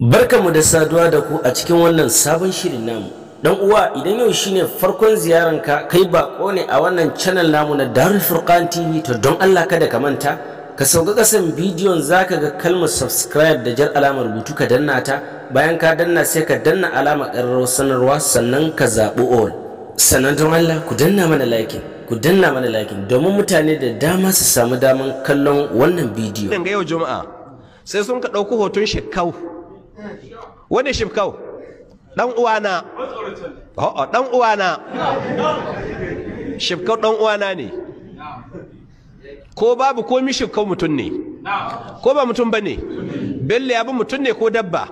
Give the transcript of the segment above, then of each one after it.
Barka mu da saduwa da ku a cikin wannan sabon shirin namu. Dan uwa idan yau shine farkon ziyaranka kai bako ne a wannan channel namu na Darul Furqan TV to don Allah kada ka manta ka sauka kasan bidiyon zaka ga kalmar subscribe da jar alamar rubutu ka danna ta bayan ka danna sai ka danna alamar ƙararrawar sanarwa sannan ka zabi all sannan don Allah ku danna mana like ku danna mana like domin mutane da dama su samu daman kallon wannan bidiyo. Ga yau Juma'a sai sun ka ɗauki hoton shekau wani shifkau dan uwana a'a dan uwana shifkau dan uwana ne ko babu komi shifkau mutum ne ko ba mutum bane belle ya bi mutum ne ko dabba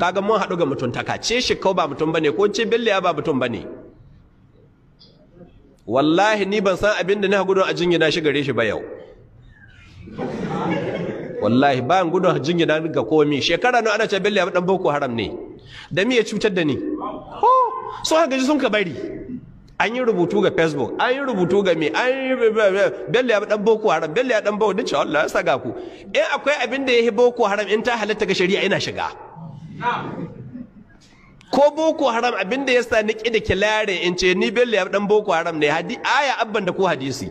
kaga mun haɗu ga mutum taka ce shifkau ba mutum bane ko ce belle ya ba mutum bane wallahi ni ban san abin da na gudun a jingina shi gare shi ba yau wallahi bayan gudun jingina ga komi shekara na ana ce bello dan boko haram ne da me ya cutar da ni ho so haka ji sun ka bari an yi rubutu ga facebook an yi rubutu ga me an yi bello ya dan boko haram bello ya dan boko dace Allah ya saga ku eh akwai abin da yahi boko haram in ta halatta ga shari'a ina shiga ko boko haram abin da yasa ni ki da kilare in ce ni bello ya dan boko haram ne hadi aya abban da ko hadisi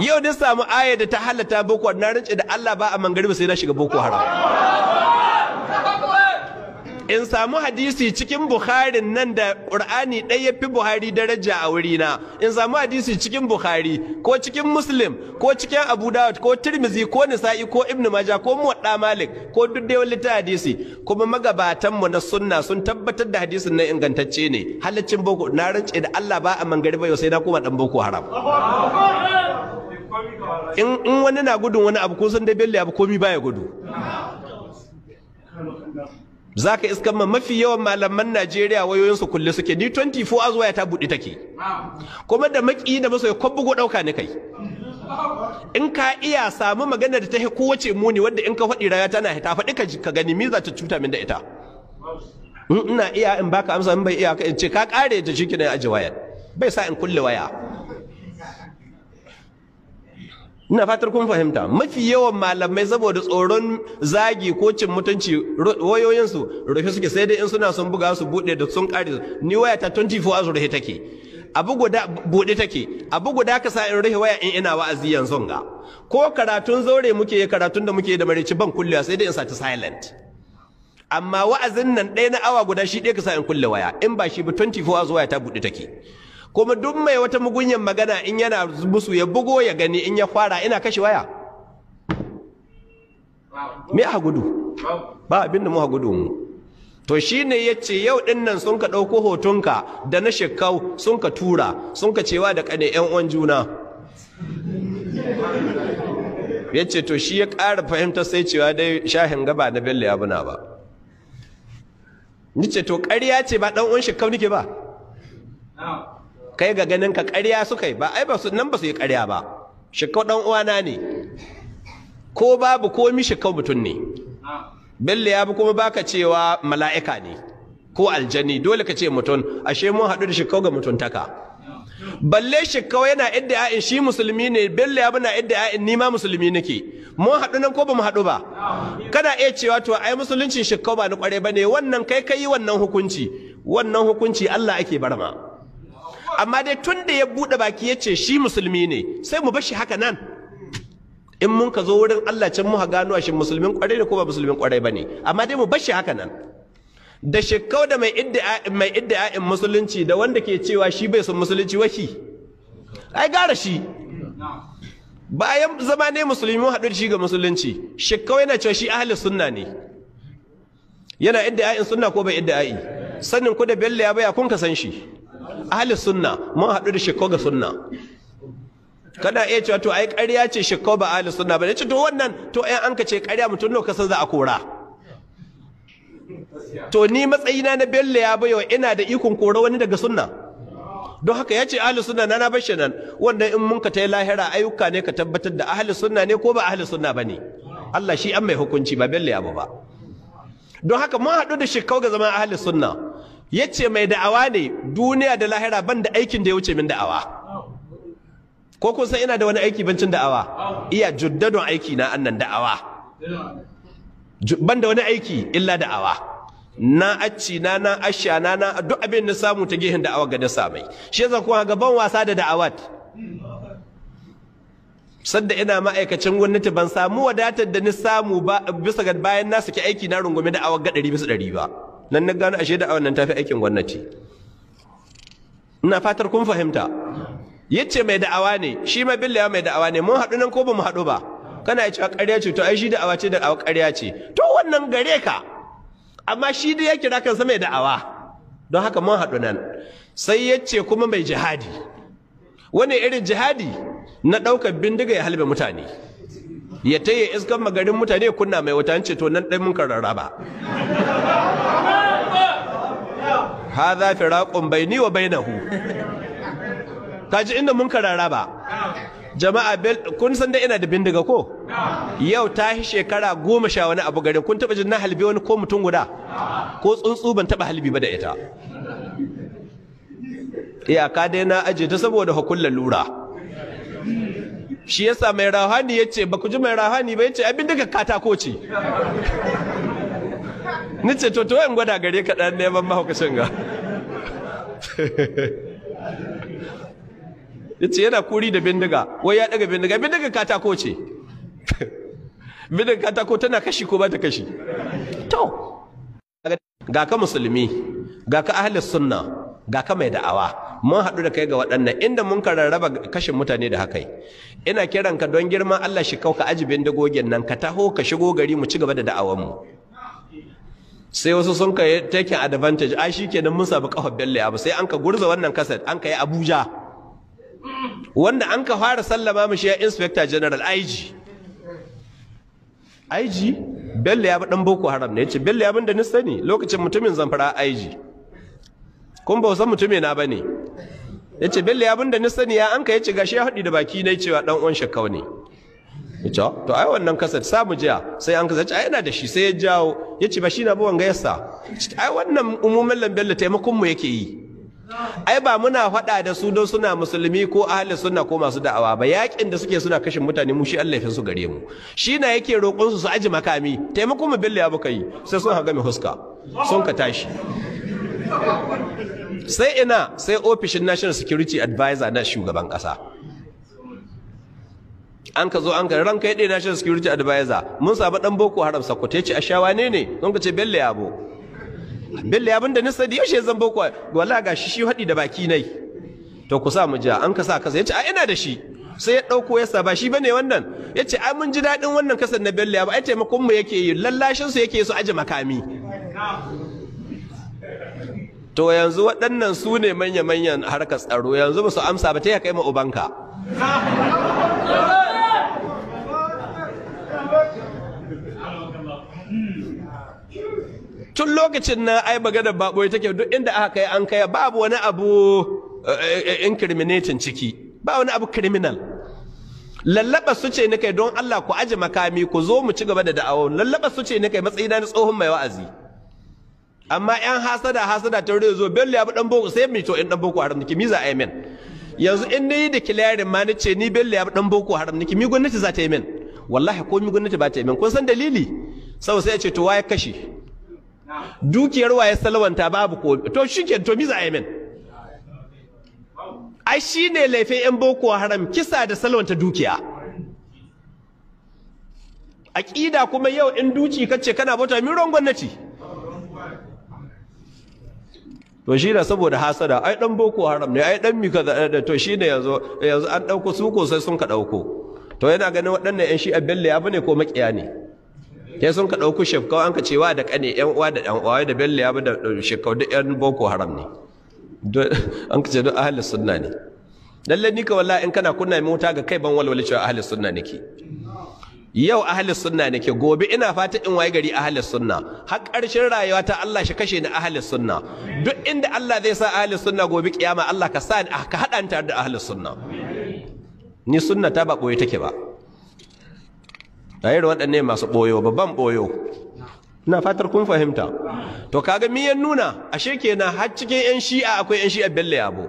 yau na samu ayar da ta halatta boko na rinci da Allah ba a mangariba sai na shiga boko haram in samu hadisi cikin Bukhari nan da Qur'ani ɗaya ya fi Buhari daraja a wurina in samu hadisi cikin Bukhari ko cikin Muslim ko cikin Abu Dawud ko Tirmizi ko Nisa'i ko Ibn Majah ko Muwatta Malik ko duk dai wani hadisi kuma magabatan mu na sunna sun tabbatar da hadisin nan ingantacce ne halaccin boko na rance da Allah ba a mangari ba sai na kuma dan boko haram in wani na gudun wani abu ko sun da abu komi baya gudu Zaka iska ma mafi yawan malaman najeriya wayoyinsu kulle suke ni 24 hours waya ta buɗe take kuma da maki da maso ya kwabbugo ɗauka ni kai in ka iya samu magana da ta hi kowace muni wadda in ka faɗi raya tana ta faɗi ka gani mi ta cuta min da ita in ina iya in baka amsa in bai iya ka in ce ka kare da shi kina aji bai sa in kulle waya ina fatar kun fahimta mafi yawan malamai saboda tsoron zagi ko cin mutunci wayoyinsu rufe suke sai dai in suna sun buga su buɗe da sun kare ni waya ta 24 hours rufe take abu guda buɗe take abu guda ka sa in rufe waya in ina wa'azi yanzu ga ko karatun zaure muke karatun da muke da marici ban kullewa sai dai in sa ta silent amma wa'azin nan ɗaya na awa guda shi ɗaya ka sa in kulle waya in ba shi ba 24 hours waya ta buɗe take kuma duk mai wata mugunyan magana in yana musu ya bugo ya gani in ya fara ina kashe waya me a gudu ba abin da mu a gudu mu to shine yace yau ɗin nan sun ka dauko hotonka da na shekau sun ka tura sun ka cewa da kane yan uwan juna yace to shi ya ƙara fahimta sai cewa dai shahin gaba na bello ya buna ba Ni ce to ƙarya ce ba ɗan uwan shekau nike ba kai ga ganin ka ƙarya suka yi ba ai ba su nan ba su yi ƙarya ba shikau dan uwana ne ko babu komi shikau mutum ne bello ya bi kuma baka cewa mala'ika ne ko aljani dole ka ce mutum ashe mun haɗu da shikau ga mutuntaka balle shikau yana idda ya'in shi musulmi ne bello ya bina idda ya'in ni ma musulmi nake mun haɗu nan ko ba mu haɗu ba kana iya cewa to ai musuluncin shikau ba ni ƙware ba ne wannan kai kai wannan hukunci wannan hukunci Allah ake barma amma dai tun da ya buɗe baki ya ce shi musulmi ne sai mu bashi haka nan in mun ka zo wurin Allah can mu gano shi musulmin kwarai ne ko ba musulmin kwarai ba ne amma dai mu bashi haka nan da shekau da mai in musulunci da wanda ke cewa shi bai son musulunci washi ai gara shi bayan zama ne musulmi haɗu da shi ga musulunci shekau yana cewa shi ahli sunna ne yana in sunna ko bai idda'i sannin ku da bello ya baya kun ka san shi ahli sunna mun haɗu da shiko ga sunna kana iya cewa to ai ƙarya ce shiko ba ahli sunna ba ne ce to wannan to ai an ka ce ƙarya mutum nawa kasan za a kora to ni matsayina na bello ya bayo ina da ikon kora wani daga sunna don haka ya ce ahli sunna na na bashi nan wannan in mun ka ta yi lahira ayyuka ne ka tabbatar da ahli sunna ne ko ba ahli sunna ba ne Allah shi an mai hukunci ba bello ya ba don haka mun haɗu da shikau ga zama ahli sunna yace mai da'awa ne duniya da lahira ban da aikin da ya wuce min da'awa ko kun san ina da wani aiki bancin da'awa iya juddadon aiki na annan da'awa ban da wani aiki illa da'awa na acci na na asha na na duk abin da samu ta gehen da'awa ga dasa mai shi yasa kuma gaban wasa da da'awat sadda ina ma'aikacin gwamnati ban samu wadatar da ni samu ba bisa ga bayan na saki aiki na rungume da'awar ga 100 bisa 100 ba nan na gano ashe da wannan tafi aikin gwamnati ina fatar kun fahimta yace mai da'awa ne shi ma billahi mai da'awa ne mun haɗu nan ko ba mu haɗu ba kana yace a ƙarya ce to ai shi da'awa ce a ƙarya ce to wannan gare ka amma shi da ya kira kansa mai da'awa don haka mun haɗu nan sai yace kuma mai jihadi wani irin jihadi na ɗaukar bindiga ya halbe mutane ya taya iskan magarin mutane kunna mai wuta ce to nan ɗai mun karara ba hadha firaqun baini wa bainahu ji inda mun karara ba jama'a kun san da ina da bindiga ko yau ta shi shekara goma sha wani abu garin kun taba jin na halbi wani ko mutum guda ko tsuntsu ban taba halbi ba da ita iyaka dai na aje ta saboda hukullar lura shi yasa mai rahani ce ba ku ji mai rahani ba ya ce, abin duka katako ce ni ce toto yin gwada gare ka ɗan neman mahaukacin ga ce yana kuri da bindiga wai ya daga bindiga bindiga katako ce bindiga katako tana kashi ko ba ta kashi to ga ka musulmi ga ka ahalis sunna ga ka mai da'awa mun haɗu da kai ga waɗannan inda mun kararraba kashin mutane da haka ina kiranka don girman Allah shi kauka ajibin dagogin nan ka taho ka shigo gari mu ci gaba da da'awar mu sai wasu sun ka taken advantage ai kenan mun sabu kafa belle abu sai an ka gurza wannan kasar an ka yi Abuja wanda an ka fara sallama mishi ya inspector general IG IG Bello ya dan Boko Haram ne yace Bello ya bin da ni sani lokacin mutumin zamfara IG kun ba wasan mutume na bane yace Bello ya bin da ni sani ya an ka yace gashi ya hadi da baki ne cewa dan uwan shakkau ne yace oh, to ai wannan kasar sa mu jiya sai an kasance ai yana da shi sai ya jawo yace ba shi na bi wanga yasa ai wannan umumin da taimakon mu yake yi ai ba muna faɗa da su don suna musulmi ko ahli sunna ko masu da'awa ba yakin da suke suna kashin mutane mu shi Allah ya su gare mu shi na yake roƙon su su aji makami taimakon mu billa ya baka yi sai sun haga mai huska sun ka tashi sai ina sai ofishin national security advisor na shugaban ƙasa an ka zo an ka ranka ya ɗaya national security advisor mun saba ɗan boko haram sakkwato ya ce ashawa ne ne don ka ce bello yabo bello yabon da nisa da yaushe zan boko wala ga shi shi haɗi da baki nai to ku sa mu ja an ka sa kasa ya ce a ina da shi sai ya ɗauko ya saba shi bane wannan ya ce ai mun ji daɗin wannan kasar na bello yabo ai taimakon mu yake yi lallashin su yake so aje makami to yanzu waɗannan su ne manya-manyan harkar tsaro yanzu ba su amsa ba ta yi kai ma ubanka tun lokacin nan ai magana ba ya take duk inda aka kai an kai babu wani abu eh, eh, incriminating ciki ba wani abu criminal lallaba su ce nake kai don Allah ku aji makami ku zo mu ci gaba da da'awon lallaba su ce nake kai matsayi na tsohon mai wa'azi amma yan hasada hasada ta rure zo bello ya bu dan boko sai mai to in dan boko haram niki miza amen yanzu in ni da clearing ma nace ce ni bello ya bu dan boko haram niki mi gwamnati za ta yi min wallahi ko mi gwamnati ba ta yi min kun san dalili sau sai ya ce to waye kashi dukiyar waye salwanta babu ko to shike to miza amen ai shine laifin yan boko haram kisa da salwanta dukiya aqida kuma yau in duci kace kana bauta ron gwamnati to shi da saboda hasada ai dan boko haram ne ai dan mika to shi ne yanzu yanzu an dauko suko sai sun ka dauko to yana ganin waɗannan yan shi abelle abu ne ko makiya ne ya sun ka ɗauku shifkau an ka cewa da ƙane ‘yan uwa da ɗan uwa da belle ya da shifkau duk ‘yan boko haram ne an ka ce duk ahli sunna ne lalle ni ka wallahi in kana kunna mota ga kai ban walwala cewa ahli sunna nake yau ahli sunna nake gobe ina fata in waye gari ahli sunna har ƙarshen rayuwa ta Allah shi kashe ni ahli sunna duk inda Allah zai sa ahli sunna gobe kiyama Allah ka sa ka haɗa tare da ahli sunna ni sunna ta ba ɓoye take ba a irin waɗanne masu ɓoyo babban ɓoyo na fatar kun fahimta to kaga mi ya nuna ashe kenan har cikin yan shi'a akwai yan shi'a bello yabo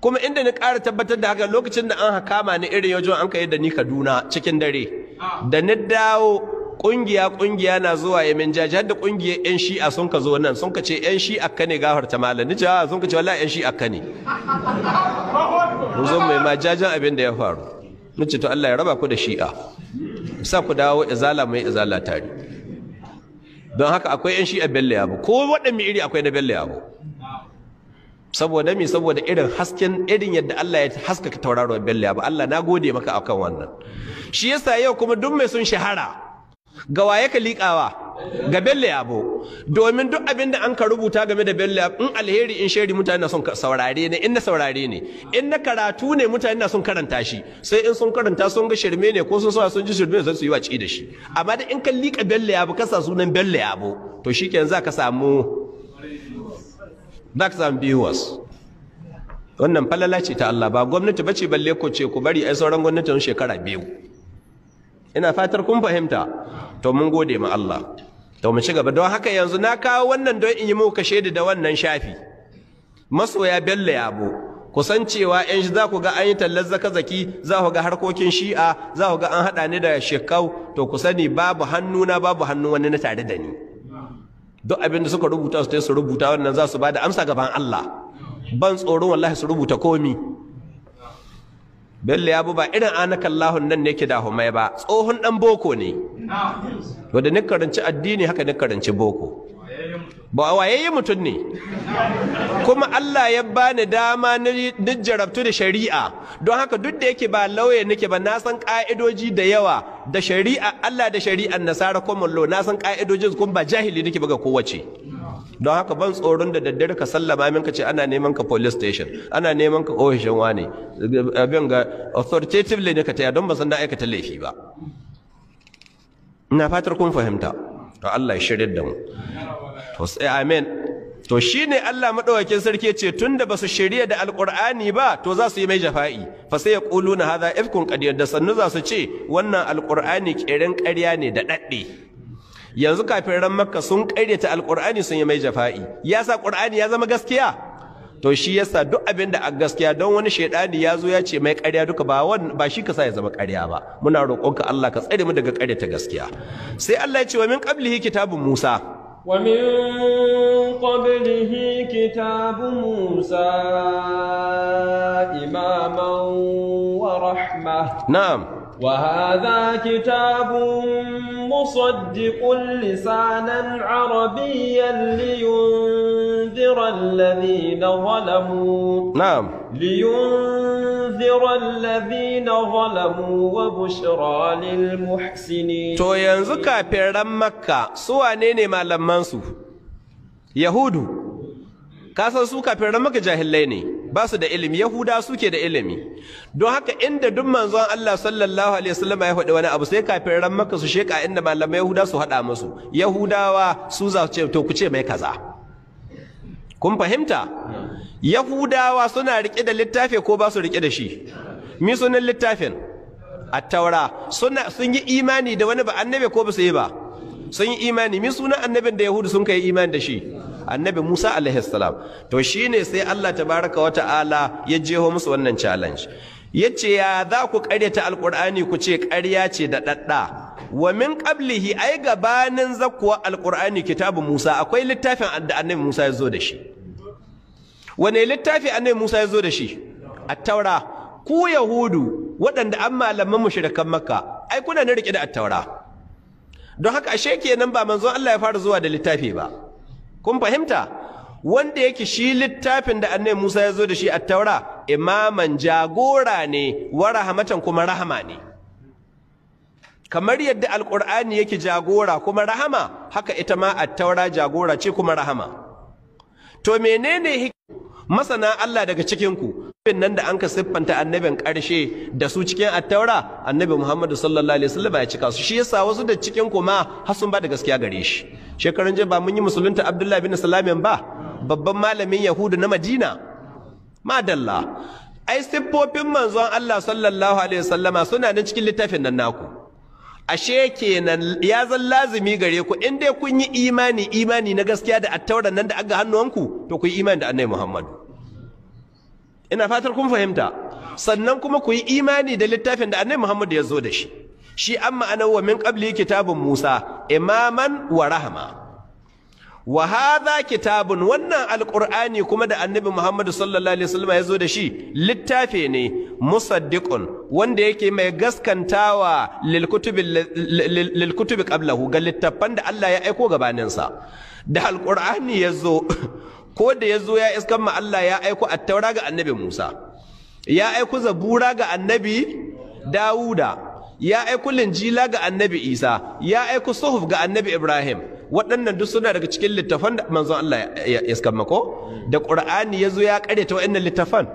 kuma inda ni ƙara tabbatar da haka lokacin da an hakama ni irin yau an kai da ni Kaduna cikin dare da ni dawo kungiya kungiya na zuwa yamin jaji har da kungiyar yan shi'a sun ka zo nan sun ka ce yan shi'a ka ne gafarta malam ni jawa sun ka ce wallahi yan shi'a ka ne mu zo mai ma jajin abin da ya faru mun to Allah ya raba ku da shi'a sa ku dawo izala mai izala tare don haka akwai yan shi'a belle yabo ko waɗanne iri akwai na belle yabo saboda mi saboda irin hasken irin yadda Allah ya haska tauraro tauraro belle yabo Allah na gode maka akan wannan shi yasa yau kuma duk mai sun shahara ga waye ka liƙawa ga bello yabo domin duk abin da an ka rubuta game da bello yabo in alheri in sheri mutane na son saurare ne in na saurare ne in na karatu ne mutane na son karanta shi sai in sun karanta sun ga shirme ne ko sun sa sun ji shirme sai su yi waci da shi amma da in ka liƙa bello yabo ka sa sunan bello yabo to shikenan za ka samu za ka samu viewers wannan falala ce ta Allah ba gwamnati bace balle ko ce ku bari ai sauran gwamnati sun shekara biyu ina fatar kun fahimta to mun gode ma Allah to mu ci gaba don haka yanzu na kawo wannan don in yi muka kashe da wannan shafi masoya bello yabo san cewa yan shi za ku ga an yi tallar zaka zaki za ku ga harkokin shi'a za ku ga an haɗa ni da shekau to ku sani babu hannu na babu hannu wani na tare da ni duk abin da suka rubuta su ta su rubuta wannan za su ba da amsa gaban Allah ban tsoron wallahi su rubuta komi bello ya ba irin lahun nan ne ke da homai ba tsohon ɗan boko ne wadda ni karanci addini haka ni karanci boko ba yi mutum ne kuma Allah ya bani dama ni jarabtu da shari'a don haka duk da yake ba lauya nake ba na san ka'idoji da yawa da shari'a Allah da shari'ar nasara kuma lo na san ka'idojin kuma ba jahili nake ba ga kowace don haka ban tsoron da daddare ka sallama min ka ce ana neman ka police station ana neman ka ofishin wane abin ga authoritatively ne ka taya don ba san na aikata laifi ba ina fatar kun fahimta to Allah ya shirye da mu to sai amen to shine Allah madaukakin sarki ya ce tunda basu shirye da alqur'ani ba to za su yi mai jafa'i fa sai ya quluna hadha ifkun qadiyad da sannu za su ce wannan alqur'ani keren ƙarya ne da dadde yanzu kafin ran makka sun ƙaryata alƙur'ani sun yi mai jafa'i ya sa ƙur'ani ya zama gaskiya to shi yasa duk abin da a gaskiya don wani shaidani ya zo ya ce mai ƙarya duka ba ba shi ka sa ya zama ƙarya ba muna roƙonka Allah ka tsare mu daga ƙaryata gaskiya sai Allah ya ce wa min qablihi kitabun Musa Wa qablihi kitabun Musa, imaman wa rahma. Na'am. وهذا كتاب مصدق لسانا عربيا لينذر الذين ظلموا نعم لينذر الذين ظلموا وبشرى للمحسنين تو ينزو كافر مكة سوى نيني ما لمنسو يهود كاسا سوى كافر مكة جاهليني ba su da ilimi yahuda suke da ilimi don haka inda duk manzon Allah sallallahu alaihi wasallam ya faɗi wani abu sai kafin ran maka su sheka inda malamai yahuda su haɗa musu yahudawa su za su ce to ku ce mai kaza kun fahimta yahudawa suna rike da littafi ko ba su rike da shi mi sunan littafin attaura suna sun yi imani da wani ba annabi ko ba su yi ba sun yi imani mi sunan annabin da yahudu sun kai imani da shi annabi Musa alaihi salam to shine sai Allah tabaraka wa ta'ala ya jeho musu wannan challenge yace ya za ku ƙaryata alqur'ani ku ce ƙarya ce da dadda wa min qablihi ai gabanin zakwa alqur'ani kitabu Musa akwai littafin da annabi Musa ya zo da shi wane littafi annabi Musa ya zo da shi at-taura ku yahudu waɗanda an malaman mushrikan makka ai kuna ne rike da at-taura don haka ashe kenan ba manzon Allah ya fara zuwa da littafi ba kun fahimta wanda yake shi littafin da annabi Musa ya zo da shi a taura imaman jagora ne wa rahamatan kuma rahama ne kamar yadda Alƙur'ani yake jagora kuma rahama haka ita ma a taura jagora ce kuma rahama to menene masana Allah daga cikinku? ku annabin nan da an ka siffanta annabin ƙarshe da su cikin attaura annabi Muhammadu sallallahu alaihi wasallam ya cika su shi yasa wasu da cikin kuma har sun ba da gaskiya gare shi shekaran jiya ba mun yi musulunta Abdullahi bin Salamin ba babban malamin Yahudu na Madina madalla ai siffofin manzon Allah sallallahu alaihi wasallam suna nan cikin littafin nan naku ashe kenan ya zan lazimi gare ku in dai kun yi imani imani na gaskiya da attaura nan da aga hannuwanku to ku yi imani da annabi Muhammadu ina fatar kun fahimta sannan kuma ku yi imani da littafin da annabi Muhammad ya zo da shi shi amma ana wa min qabli kitabun Musa imaman wa rahma wa hadha kitabun wannan alqur'ani kuma da annabi Muhammad sallallahu alaihi wasallam ya zo da shi littafi ne musaddiqun wanda yake mai gaskantawa lil kutubi lil kutubi qablahu ga littafan da Allah ya aiko gabaninsa da alqur'ani ya zo ko da ya zo ya iskan ma Allah ya aiko attaura ga annabi Musa ya aiko zabura ga annabi Dawuda ya aiko linjila ga annabi Isa ya aiko suhuf ga annabi Ibrahim waɗannan duk suna daga cikin littafan da manzon Allah ya iskan mako da Qur'ani ya zo ya karyata waɗannan littafan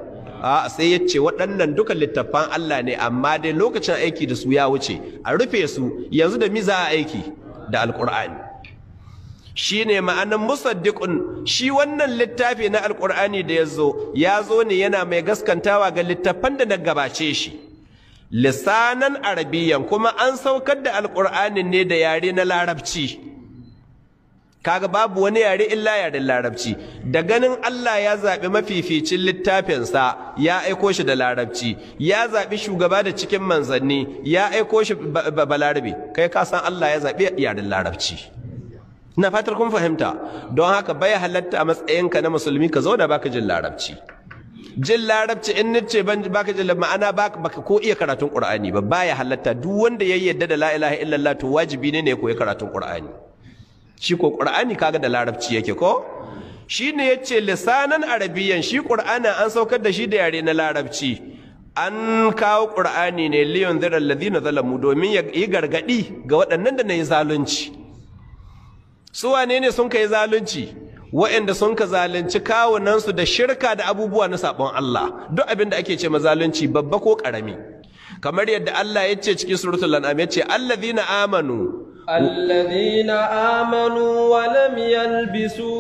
a sai ya ce waɗannan duka littafan Allah ne amma dai lokacin aiki da su ya wuce a rufe su yanzu da miza a aiki da alƙur'ani Shi ne ma'anin musaddiƙun shi wannan littafi na Alƙur'ani da ya zo, ya zo ne yana mai gaskantawa ga littafan da na gabace shi Lissanan arabiyan kuma an saukar da Alƙur'ani ne da yare na larabci kaga babu wani yare illa yare larabci da ganin Allah ya zaɓi mafificin littafinsa ya aiko shi da larabci ya zaɓi shugaba da cikin manzanni ya aiko shi balarabe kai ka san Allah ya zaɓi yaren larabci ina fatar kun fahimta don haka bai halatta a matsayinka na musulmi ka zauna baka jin larabci jin larabci in nace ban baka jin ma'ana baka baka ko iya karatun qur'ani ba baya halatta duk wanda ya yarda da la ilaha illallah to wajibi ne ne ya koyi karatun qur'ani shi ko qur'ani kaga da larabci yake ko Shi ne yace lisanan arabiyan shi qur'ani an saukar da shi da yare na larabci an kawo qur'ani ne liyun zira ladina zalamu domin ya yi gargadi ga waɗannan da na zalunci su wane ne sun kai zalunci waɗanda sun ka zalunci kawunansu da shirka da abubuwa na sabon Allah duk abin da ake ce ma zalunci babba ko karami kamar yadda Allah ya ce cikin suratul an'am ya ce allazina amanu allazina amanu wa lam yalbisu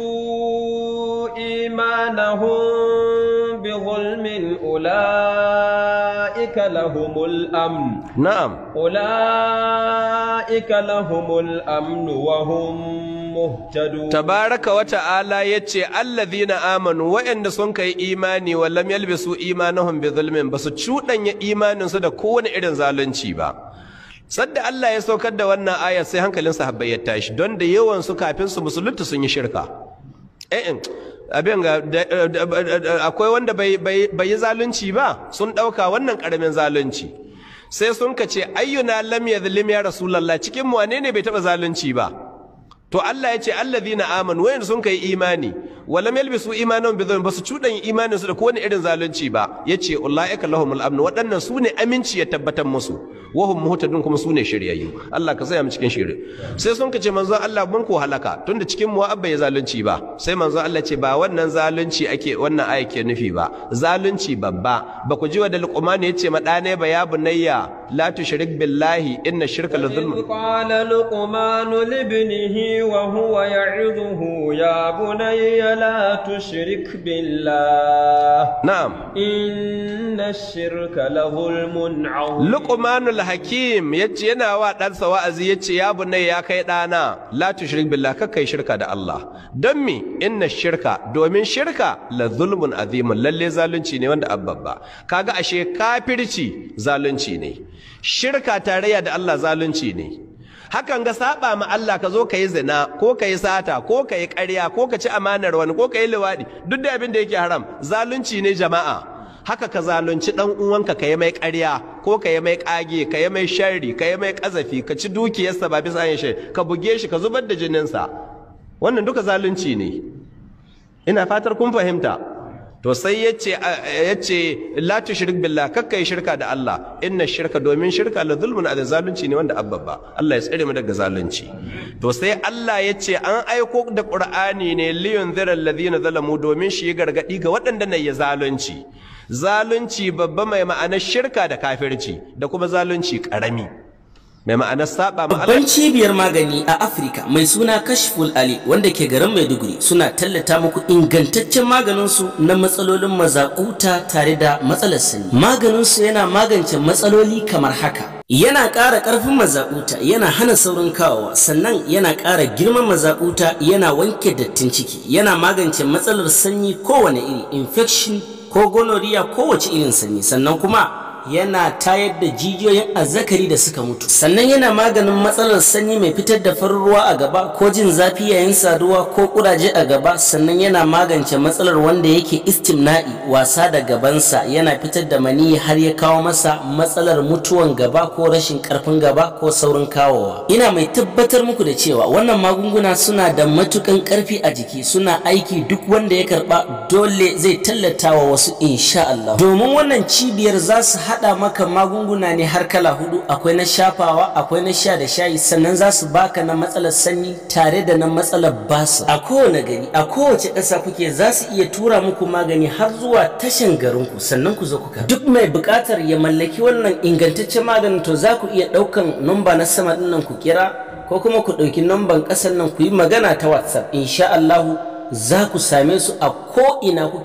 imanahum bi zulmin ulaika lahumul amn na'am ulaika lahumul amn wa hum muhtadun tabaraka wa ta'ala yace allazina amanu wa'anda sun kai imani wa lam yalbisu imanahum bi zulmin basu cudanya imanin su da kowane irin zalunci ba sadda Allah ya saukar da wannan aya sai hankalin sahabbai ya tashi don da yawan su kafin su musulunta sun yi shirka eh, eh abin ga akwai wanda bai yi zalunci ba sun dauka wannan karamin zalunci sai sun kace ayyuna lam yadhlim ya rasulullah cikin mu wane ne bai taba zalunci ba to Allah ya ce allazina amanu wayan sun kai imani walam yalbisu imanan bi ba su cudan imanin su da kowane irin zalunci ba yace ulaika lahumul amn waɗannan su ne aminci ya tabbatar musu wahum muhtadun kuma su ne shiryayyu Allah ka saya mu cikin shirin. sai sun kace manzon Allah mun ko halaka tunda cikin mu abba ya zalunci ba sai manzon Allah ce ba wannan zalunci ake wannan aya ke nufi ba zalunci babba ba ku ji wa da ya ce ma dane ba ya bunayya la tushrik billahi inna shirka la zulm qala luqman libnihi wa huwa ya'iduhu ya bunayya la tu shirik bin la na'am inda shirka la hulmun aure hakim ya yana wa ɗansa wa'azi yace ya ce ya kai ɗana la tu shirik bin kakai shirka da Allah don mi inda shirka domin shirka la zulmun azimun lalle zalunci ne wanda abbabba kaga ashe kafirci zalunci ne shirka tarayya da Allah zalunci ne hakan ga saba ma Allah ka zo ka yi zina ko ka yi sata ko ka yi ƙarya ko ka ci amanar wani ko ka yi liwaɗi duk da abin da yake haram zalunci ne jama'a haka ka zalunci ɗan uwanka ka yi mai ƙarya ko ka yi mai ƙage ka yi mai sharri ka yi mai ƙazafi ka ci dukiyarsa ba bisa yin shi ka buge shi ka zubar da jininsa wannan duka zalunci ne ina fatar kun fahimta to sai yace yace la tushrik billah yi shirka da Allah inna shirka domin shirka la zulmun da zalunci ne wanda abbabba Allah ya tsare mu daga zalunci to sai Allah yace an aiko da Qur'ani ne liyun ziral ladina zalamu domin shi gargadi ga waɗanda ne ya zalunci zalunci babba mai ma'anar shirka da kafirci da kuma zalunci karami mai ma'anar saba Babban cibiyar magani a Afirka mai suna Kashful Ali wanda ke garin Maiduguri suna tallata muku ingantaccen maganinsu na matsalolin mazakuta tare da matsalar sanyi. Maganinsu yana magance matsaloli kamar haka. Yana ƙara ƙarfin mazakuta, yana hana saurin kawowa, sannan yana ƙara girman mazakuta, yana wanke dattin ciki, yana magance matsalar sanyi kowane iri, infection ko gonorrhea kowace irin sanyi, sannan kuma yana tayar da jijiyoyin azzakari da suka mutu sannan yana maganin matsalar sanyi mai fitar da farin ruwa a gaba ko jin zafi yayin saduwa ko kuraje a gaba sannan yana magance matsalar wanda yake istimna'i wasa da gabansa yana fitar da maniyi har ya kawo masa matsalar mutuwan gaba ko rashin karfin gaba ko saurin kawowa ina mai tabbatar muku da cewa wannan magunguna suna da matukan karfi a jiki suna aiki duk wanda ya karba dole zai tallata wa wasu insha Allah domin wannan cibiyar za su haɗa maka magunguna ne har kala hudu akwai na shafawa akwai na sha da shayi sannan za su baka na matsalar sanyi tare da na matsalar basa a kowane gari a kowace ƙasa kuke za su iya tura muku magani har zuwa tashin garinku sannan ku zo kuka duk mai buƙatar ya mallaki wannan ingantaccen maganin to za ku iya ɗaukan numba na sama ɗin nan ku kira ko kuma ku ɗauki numban ƙasan nan ku yi magana ta whatsapp insha Allahu za ku same su a ko ina kuke